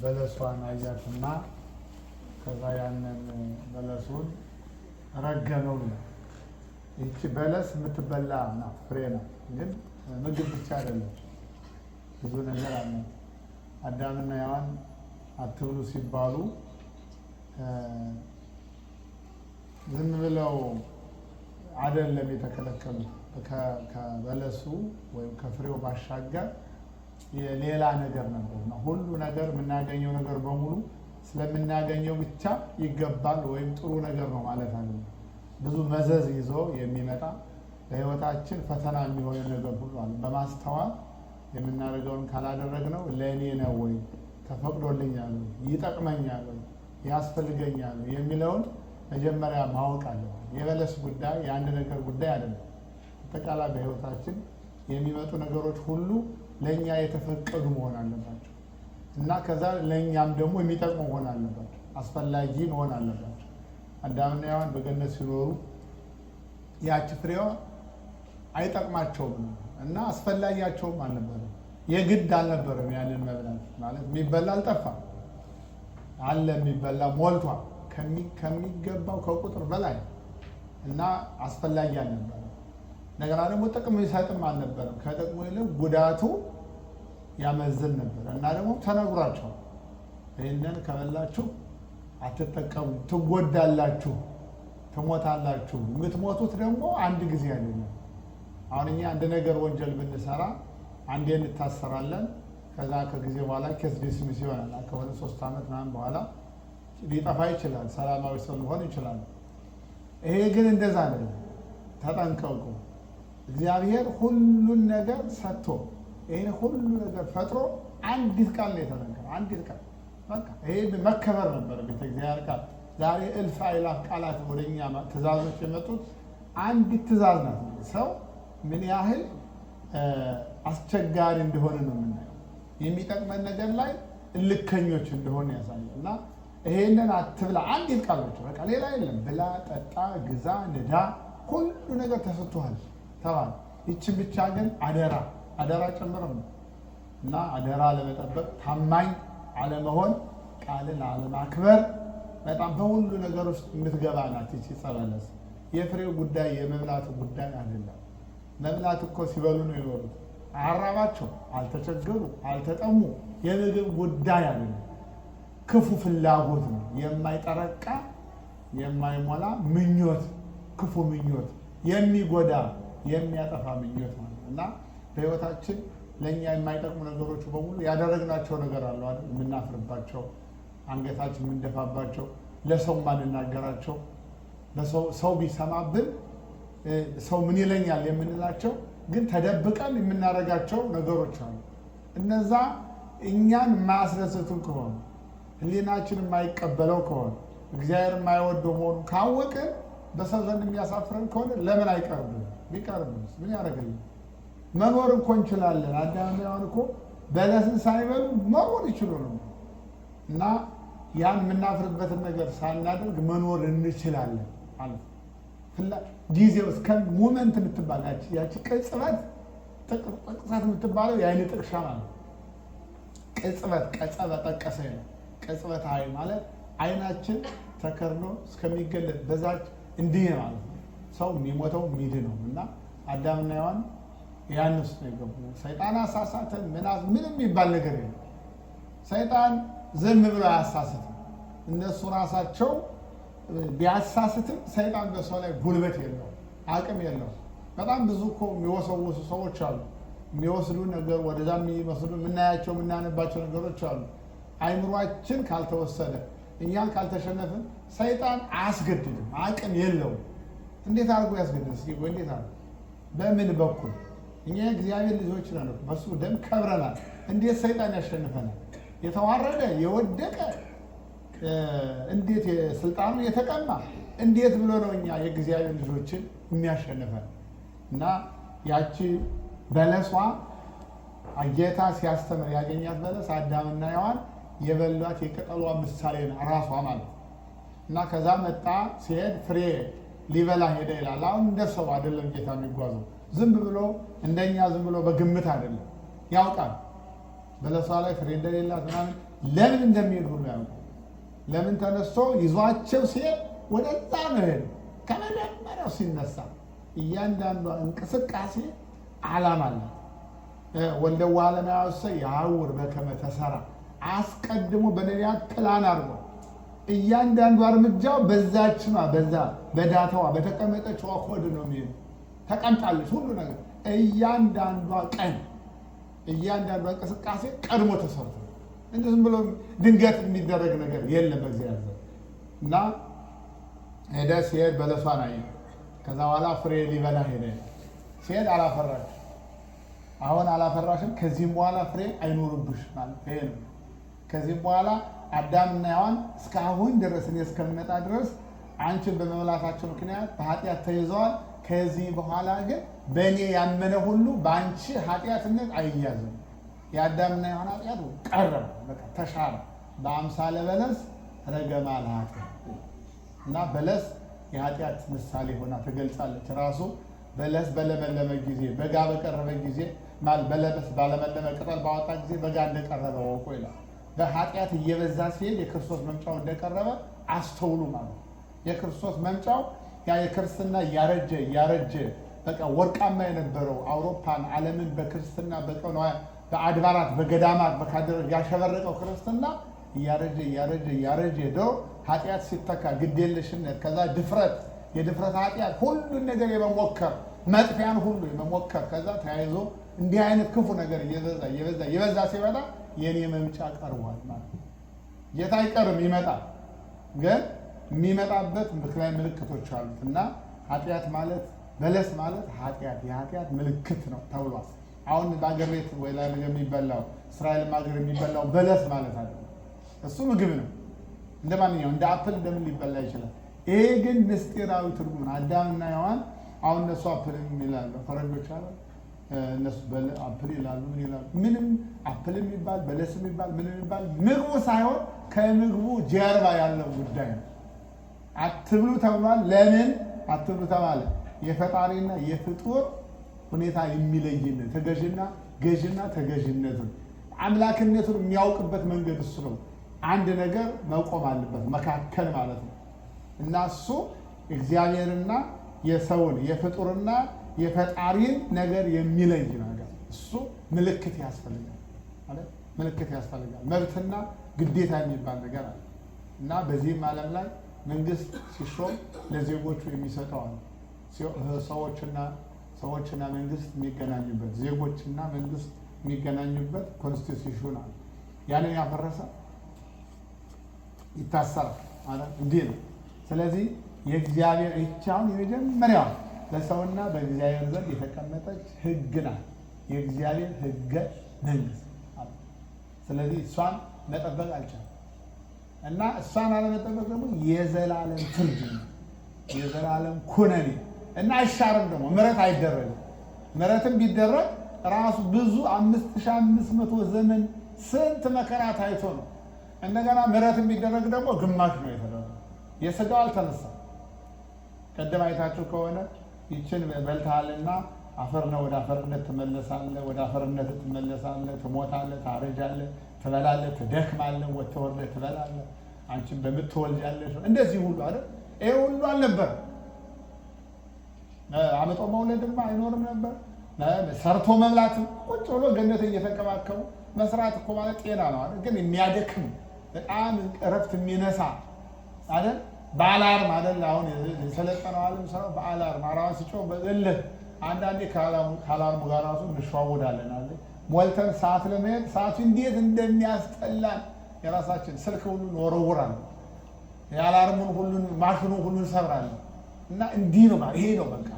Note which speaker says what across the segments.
Speaker 1: በለሷን አያትና ከዛ ያንን በለሱን ረገመው ነው። ይቺ በለስ የምትበላ ነው፣ ፍሬ ነው። ግን ምግብ ብቻ አይደለም፣ ብዙ ነገር አለ። አዳምና ሔዋን አትብሉ ሲባሉ ዝም ብለው አይደለም የተከለከሉት። ከበለሱ ወይም ከፍሬው ባሻገር ሌላ ነገር ነበር ነው። ሁሉ ነገር የምናገኘው ነገር በሙሉ ስለምናገኘው ብቻ ይገባል ወይም ጥሩ ነገር ነው ማለት አለ። ብዙ መዘዝ ይዞ የሚመጣ ለህይወታችን ፈተና የሚሆነ ነገር ሁሉ አለ። በማስተዋል የምናደርገውን ካላደረግነው ለእኔ ነው ወይ ተፈቅዶልኛል ወይ ይጠቅመኛል ወይ ያስፈልገኛል የሚለውን መጀመሪያ ማወቅ አለ። የበለስ ጉዳይ የአንድ ነገር ጉዳይ አይደለም። አጠቃላይ በህይወታችን የሚመጡ ነገሮች ሁሉ ለእኛ የተፈቀዱ መሆን አለባቸው እና ከዛ ለእኛም ደግሞ የሚጠቅሙ መሆን አለባቸው፣ አስፈላጊ መሆን አለባቸው። አዳምና ሔዋን በገነት ሲኖሩ ያቺ ፍሬዋ አይጠቅማቸውም እና አስፈላጊያቸውም አልነበረም። የግድ አልነበረም ያንን መብላት ማለት የሚበላ አልጠፋ አለ የሚበላ ሞልቷ ከሚገባው ከቁጥር በላይ እና አስፈላጊ አልነበረም። እንደገና ደግሞ ጥቅም ይሰጥም አልነበረም። ከጥቅሙ ይልቅ ጉዳቱ ያመዝን ነበር እና ደግሞ ተነግሯቸው ይህንን ከበላችሁ አትጠቀሙ፣ ትጎዳላችሁ፣ ትሞታላችሁ። የምትሞቱት ደግሞ አንድ ጊዜ አይደለም። አሁን እኛ አንድ ነገር ወንጀል ብንሰራ አንዴ እንታሰራለን። ከዛ ከጊዜ በኋላ ኬስ ዲስሚስ ይሆናል። ከሆነ ሶስት ዓመት ምናምን በኋላ ሊጠፋ ይችላል። ሰላማዊ ሰው ሊሆን ይችላል። ይሄ ግን እንደዛ ነው። ተጠንቀቁ። እግዚአብሔር ሁሉን ነገር ሰጥቶ ይህን ሁሉ ነገር ፈጥሮ አንዲት ቃል ነው የተነገረ። አንዲት ቃል በቃ ይሄ መከበር ነበር ቤተ እግዚአብሔር ቃል። ዛሬ እልፍ አይላፍ ቃላት ወደኛ ትእዛዞች የመጡት አንዲት ትእዛዝ ናት። ሰው ምን ያህል አስቸጋሪ እንደሆነ ነው የምናየው። የሚጠቅመን ነገር ላይ እልከኞች እንደሆነ ያሳያል። እና ይሄንን አትብላ አንዲት ቃል ብቻ በቃ ሌላ የለም። ብላ፣ ጠጣ፣ ግዛ፣ ንዳ፣ ሁሉ ነገር ተሰጥቶሃል ተባለ። ይችን ብቻ ግን አደራ አደራ ጭምርም ነው እና አደራ አለመጠበቅ፣ ታማኝ አለመሆን፣ ቃልን አለማክበር በጣም በሁሉ ነገር ውስጥ የምትገባ ናት ይቺ ጸበለስ። የፍሬው ጉዳይ የመብላት ጉዳይ አይደለም። መብላት እኮ ሲበሉ ነው የኖሩት። አራባቸው፣ አልተቸገሩ፣ አልተጠሙ። የምግብ ጉዳይ አለ። ክፉ ፍላጎት ነው። የማይጠረቃ የማይሞላ ምኞት፣ ክፉ ምኞት፣ የሚጎዳ የሚያጠፋ ምኞት ማለት እና በህይወታችን ለእኛ የማይጠቅሙ ነገሮች በሙሉ ያደረግናቸው ነገር አለ አይደል? የምናፍርባቸው፣ አንገታችን የምንደፋባቸው፣ ለሰው ማንናገራቸው፣ ሰው ቢሰማብን ሰው ምን ይለኛል የምንላቸው ግን ተደብቀን የምናደርጋቸው ነገሮች አሉ። እነዛ እኛን የማያስደስቱን ከሆኑ ህሊናችን የማይቀበለው ከሆነ እግዚአብሔር የማይወደው መሆኑ ካወቅን በሰው ዘንድ የሚያሳፍረን ከሆነ ለምን አይቀርብም? ቢቀርብ ምን ያደርግልን? መኖር እኮ እንችላለን። አዳምና ሔዋን እኮ በለስን ሳይበሉ መኖር ይችሉ ነው እና ያን የምናፍርበትን ነገር ሳናደርግ መኖር እንችላለን ማለት ጊዜ እስከ ሞመንት የምትባል ያቺ ቅጽበት ጥቅሳት የምትባለው የአይን ጥቅሻ ማለት ቅጽበት ቀጸበ ጠቀሰ ነው። ቅጽበት አይን ማለት አይናችን ተከርኖ እስከሚገለጥ በዛች እንዲህ ማለት ነው ሰው የሚሞተው ሚድ ነው እና አዳምና ሔዋን ያን ውስጥ ነው የገቡ። ሰይጣን አሳሳተን ምንም የሚባል ነገር የለም። ሰይጣን ዝም ብሎ አያሳስትም። እነሱ ራሳቸው ቢያሳስትም ሰይጣን በሰው ላይ ጉልበት የለው አቅም የለው። በጣም ብዙ እኮ የሚወሰውሱ ሰዎች አሉ። የሚወስዱ ነገር ወደዛ የሚመስሉ የምናያቸው የምናነባቸው ነገሮች አሉ። አይምሯችን ካልተወሰደ እኛን ካልተሸነፍን ሰይጣን አያስገድድም፣ አቅም የለውም። እንዴት አድርጎ ያስገድድ? እስኪ እንዴት አድርጎ በምን በኩል እኛ እግዚአብሔር ልጆች ነን፣ በሱ ደም ከብረናል። እንዴት ሰይጣን ያሸንፈናል? የተዋረደ የወደቀ እንዴት ስልጣኑ የተቀማ እንዴት ብሎ ነው እኛ የእግዚአብሔር ልጆችን የሚያሸንፈን? እና ያቺ በለሷ ጌታ ሲያስተምር ያገኛት በለስ አዳምና ሔዋን የበሏት የቅጠሏ ምሳሌ ራሷ ማለት እና ከዛ መጣ ሲሄድ ፍሬ ሊበላ ሄደ ይላል። አሁን እንደ ሰው አይደለም ጌታ የሚጓዘው ዝም ብሎ እንደኛ ዝም ብሎ በግምት አይደለም፣ ያውቃል። በለሷ ላይ ፍሬ እንደሌላት ምናምን ለምን እንደሚሄድ ሁሉ ያውቁ። ለምን ተነስቶ ይዟቸው ሲሄድ ወደዛ ነው ሄድ። ከመጀመሪያው ሲነሳ እያንዳንዷ እንቅስቃሴ ዓላማ አላት። ወልደዋ ለመያሰ የአውር በከመ ተሰራ አስቀድሞ በነቢያት ፕላን አድርጎ እያንዳንዷ እርምጃው በዛችማ በዛ በዳታዋ በተቀመጠችዋ ኮድ ነው የሚሄድ ተቀምጣለች። ሁሉ ነገር እያንዳንዷ ቀን እያንዳንዷ እንቅስቃሴ ቀድሞ ተሰርቶ እንደ ዝም ብሎ ድንገት የሚደረግ ነገር የለም በእግዚአብሔር እና ሄደ ሲሄድ በለሷን አየ። ከዛ በኋላ ፍሬ ሊበላ ሄደ። ሲሄድ አላፈራሽ። አሁን አላፈራሽም፣ ከዚህም በኋላ ፍሬ አይኖርብሽ ማለት ይሄ ነው። ከዚህም በኋላ አዳምና ሔዋን እስከ አሁን ድረስ እኔ እስከምመጣ ድረስ አንቺን በመብላታቸው ምክንያት በኃጢአት ተይዘዋል። ከዚህ በኋላ ግን በእኔ ያመነ ሁሉ በአንቺ ኃጢአትነት አይያዝም። የአዳምና የሆነ ኃጢአት ቀረበ፣ በቃ ተሻረ። በአምሳለ በለስ ረገማ ለኃጢአት እና በለስ የኃጢአት ምሳሌ ሆና ትገልጻለች። ራሱ በለስ በለመለመ ጊዜ በጋ በቀረበ ጊዜ በለበስ ባለመለመ ቅጠል ባወጣ ጊዜ በጋ እንደቀረበ ወቁ ይላል። በኃጢአት እየበዛ ሲሄድ የክርስቶስ መምጫው እንደቀረበ አስተውሉ ማለት የክርስቶስ መምጫው ያ የክርስትና ያረጀ ያረጀ በቃ ወርቃማ የነበረው አውሮፓን ዓለምን በክርስትና በአድባራት በገዳማት በካድሮች ያሸበረቀው ክርስትና እያረጀ እያረጀ እያረጀ ሄዶ ኃጢአት ሲተካ ግዴለሽነት፣ ከዛ ድፍረት፣ የድፍረት ኃጢአት ሁሉን ነገር የመሞከር መጥፊያን ሁሉ የመሞከር ከዛ ተያይዞ እንዲህ አይነት ክፉ ነገር እየበዛ እየበዛ እየበዛ ሲመጣ የእኔ መምጫ ቀርቧል ማለት ጌታ አይቀርም ይመጣል ግን የሚመጣበት ምክንያት ምልክቶች አሉት እና ኃጢአት ማለት በለስ ማለት ኃጢአት የኃጢአት ምልክት ነው ተብሏል። አሁን በአገር ቤት ወይ ለአገር የሚበላው እስራኤል ሀገር የሚበላው በለስ ማለት አለ። እሱ ምግብ ነው እንደ ማንኛው እንደ አፕል እንደምን ሊበላ ይችላል። ይሄ ግን ምስጢራዊ ትርጉም ነው። አዳምና ሔዋን አሁን እነሱ አፕል ይላሉ፣ ፈረንጆች አለ እነሱ አፕል ይላሉ። ምን ይላሉ? ምንም አፕል የሚባል በለስ የሚባል ምን የሚባል ምግቡ ሳይሆን ከምግቡ ጀርባ ያለው ጉዳይ ነው። አትብሉ ተብሏል። ለምን አትብሉ ተባለ? የፈጣሪና የፍጡር ሁኔታ የሚለይነት ተገዥና ገዥና ተገዥነት አምላክነቱን የሚያውቅበት መንገድ እሱ ነው። አንድ ነገር መቆም አለበት፣ መካከል ማለት ነው እና እሱ እግዚአብሔርና የሰውን የፍጡርና የፈጣሪን ነገር የሚለይ ነገር እሱ ምልክት ያስፈልጋል ምልክት ያስፈልጋል። መብትና ግዴታ የሚባል ነገር አለ እና በዚህም ዓለም ላይ መንግስት ሲሾም ለዜጎቹ የሚሰጠው ነው። ሰዎችና ሰዎችና መንግስት የሚገናኙበት ዜጎችና መንግስት የሚገናኙበት ኮንስቲቱሽን አለ። ያንን ያፈረሰ ይታሰራል ማለት እንዲህ ነው። ስለዚህ የእግዚአብሔር ይቻውን የመጀመሪያው በሰውና በእግዚአብሔር ዘንድ የተቀመጠች ህግ ናት። የእግዚአብሔር ህገ መንግስት። ስለዚህ እሷን መጠበቅ አልቻለም። እና እሷን አለመጠበቅ ደግሞ የዘላለም ፍርድ ነው፣ የዘላለም ኩነኔ እና አይሻርም። ደግሞ ምረት አይደረግም። ምረትም ቢደረግ ራሱ ብዙ አምስት ሺህ አምስት መቶ ዘመን ስንት መከራ ታይቶ ነው። እንደገና ምሕረት ቢደረግ ደግሞ ግማሽ ነው የተደረገ። የስጋው አልተነሳም። ቀደም አይታችሁ ከሆነ ይችን በልተሃልና አፈር ነው፣ ወደ አፈርነት ትመለሳለህ፣ ወደ አፈርነት ትመለሳለህ፣ ትሞታለህ፣ ታረጃለህ ትበላለህ፣ ትደክማለህ፣ ወጥተህ ወርደህ ትበላለህ። አንቺም በምትወልጃለሽ እንደዚህ ሁሉ አይደል? ይሄ ሁሉ አልነበር። አመጦ መውለድማ አይኖርም ነበር። ሰርቶ መብላትም ቁጭ ብሎ ገነት እየተንከባከቡ መስራት እኮ ማለት ጤና ነው አይደል? ግን የሚያደክም በጣም እረፍት የሚነሳ አይደል? በአላርም አይደል? አሁን የሰለጠነው ዓለም ስራው በአላርም አራዋ ሲጮህ በእልህ አንዳንዴ ከአላርሙ ጋር ራሱ እንሸዋወዳለን አለ ሞልተን ሰዓት ለመሄድ ሰዓቱ እንዴት እንደሚያስጠላን የራሳችን ስልክ ሁሉ ወረውራል፣ የአላርሙን ሁሉን ማሽኑ ሁሉ ሰብራል። እና እንዲህ ነው ይሄ ነው በቃ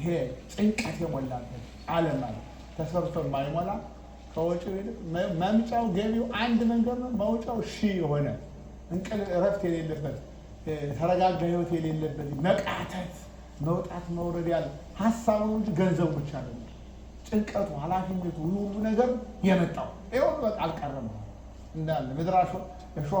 Speaker 1: ይሄ ጭንቀት የሞላበት ዓለም ማለት ተሰርቶ የማይሞላ ከወጪው ይልቅ መምጫው ገቢው አንድ መንገድ ነው፣ መውጫው ሺ የሆነ እንቅልፍ እረፍት የሌለበት ተረጋጋ ህይወት የሌለበት መቃተት መውጣት መውረድ ያለ ሀሳብ እንጂ ገንዘብ ብቻ ጭንቀቱ፣ ኃላፊነቱ ሁሉ ነገር የመጣው ይሁን በቃ አልቀረም እንዳለ ምድር እሾ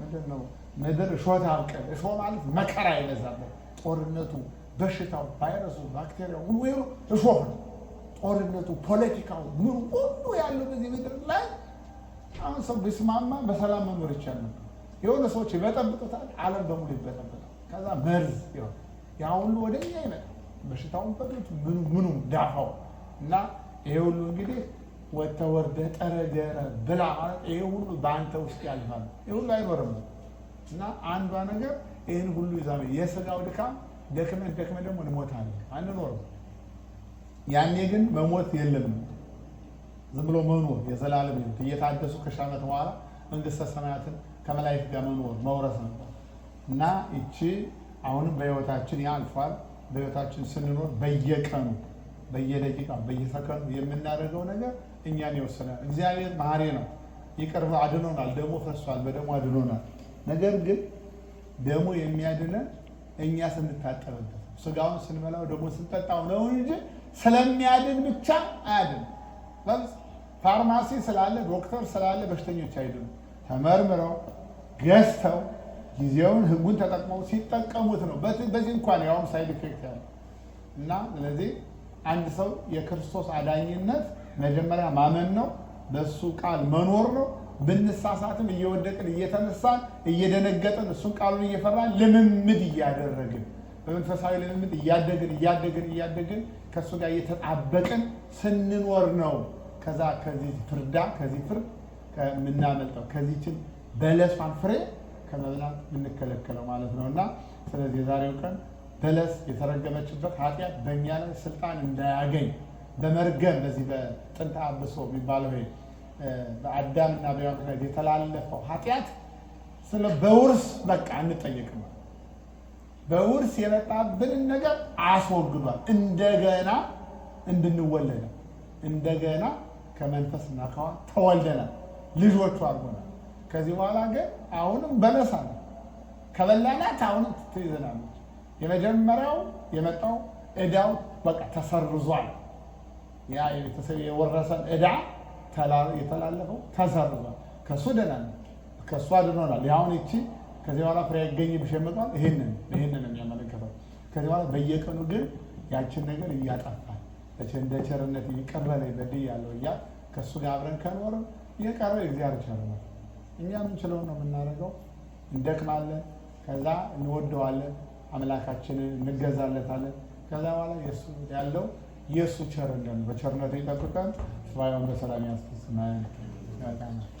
Speaker 1: ምንድን ነው? ምድር እሾት ታብቅል። እሾ ማለት መከራ የበዛበት ጦርነቱ፣ በሽታው፣ ቫይረሱ፣ ባክቴሪያ ሁሉ ይኸው እሾ ነው። ጦርነቱ፣ ፖለቲካው፣ ምኑ ሁሉ ያለው በዚህ ምድር ላይ አሁን ሰው ቢስማማ በሰላም መኖር ይቻላል። የሆነ ሰዎች ይበጠብጡታል፣ ዓለም በሙሉ ይበጠብጣል። ከዛ መርዝ ይሆን ያ ሁሉ ወደኛ ይመጣል። በሽታውን በሉት ምኑ ምኑ ዳፋው እና ይሄ ሁሉ እንግዲህ ወጥተህ ወርደህ ጠረገረ ብላ ማለት ይሄ ሁሉ በአንተ ውስጥ ያልፋል። ይሄ ሁሉ አይኖርም እና አንዷ ነገር ይህን ሁሉ ይዛ የስጋው ድካም ደክመን ደክመን ደግሞ እንሞታለን፣ አንኖርም። ያኔ ግን መሞት የለም ዝም ብሎ መኖር የዘላለም ሕይወት እየታደሱ ከሺህ ዓመት በኋላ መንግስተ ሰማያትን ከመላእክት ጋር መኖር መውረስ ነበር እና ይቺ አሁንም በህይወታችን ያልፏል። በህይወታችን ስንኖር በየቀኑ በየደቂቃ በየሰከንዱ የምናደርገው ነገር እኛን ይወስናል። እግዚአብሔር መሐሪ ነው፣ ይቅርብ አድኖናል። ደሞ ፈሷል፣ በደሞ አድኖናል። ነገር ግን ደሞ የሚያድነን እኛ ስንታጠብበት ስጋውን ስንበላው ደግሞ ስንጠጣው ነው እንጂ ስለሚያድን ብቻ አያድን። ፋርማሲ ስላለ ዶክተር ስላለ በሽተኞች አይድኑ። ተመርምረው ገዝተው ጊዜውን ህጉን ተጠቅመው ሲጠቀሙት ነው። በዚህ እንኳን ያውም ሳይድ ኢፌክት ያለ እና ስለዚህ አንድ ሰው የክርስቶስ አዳኝነት መጀመሪያ ማመን ነው፣ በእሱ ቃል መኖር ነው። ብንሳሳትም እየወደቅን እየተነሳን እየደነገጥን እሱን ቃሉን እየፈራን ልምምድ እያደረግን በመንፈሳዊ ልምምድ እያደግን እያደግን እያደግን ከእሱ ጋር እየተጣበቅን ስንኖር ነው ከዛ ከዚህ ፍርዳ ከዚህ ፍርድ የምናመልጠው ከዚችን በለሷን ፍሬ ከመብላት የምንከለከለው ማለት ነው እና ስለዚህ የዛሬው ቀን በለስ የተረገመችበት ኃጢአት በእኛ ላይ ስልጣን እንዳያገኝ በመርገም በዚህ በጥንተ አብሶ የሚባለው በአዳም እና በሔዋን ምክንያት የተላለፈው ኃጢአት ስለ በውርስ በቃ አንጠየቅም። በውርስ የመጣብንን ነገር አስወግዷል። እንደገና እንድንወለድ እንደገና ከመንፈስ እና ከውሃ ተወልደናል። ልጆቹ አድርጎናል። ከዚህ በኋላ ግን አሁንም በለስ አለ ከበላናት አሁንም ትይዘናለች የመጀመሪያው የመጣው እዳው በቃ ተሰርዟል። ያ የቤተሰብ የወረሰን እዳ የተላለፈው ተሰርዟል። ከእሱ ድነን ከእሱ አድኖናል። ያሁን ይቺ ከዚህ በኋላ ፍሬ አይገኝብሽ የምትባል ይህንን ይህንን የሚያመለክተው ከዚህ በኋላ በየቀኑ ግን ያችን ነገር እያጠፋል እንደ ቸርነት ይቅር በድ ያለው እያ ከእሱ ጋር አብረን ከኖርም የቀረው የእግዚአብሔር ቸርነት እኛ የምንችለው ነው የምናደርገው። እንደክማለን፣ ከዛ እንወደዋለን አምላካችንን እንገዛለታለን። ከዛ በኋላ የሱ ያለው የእሱ ቸርነት በቸርነቱ ይጠብቀን። ስራውን በሰላም ያስፈጽመን።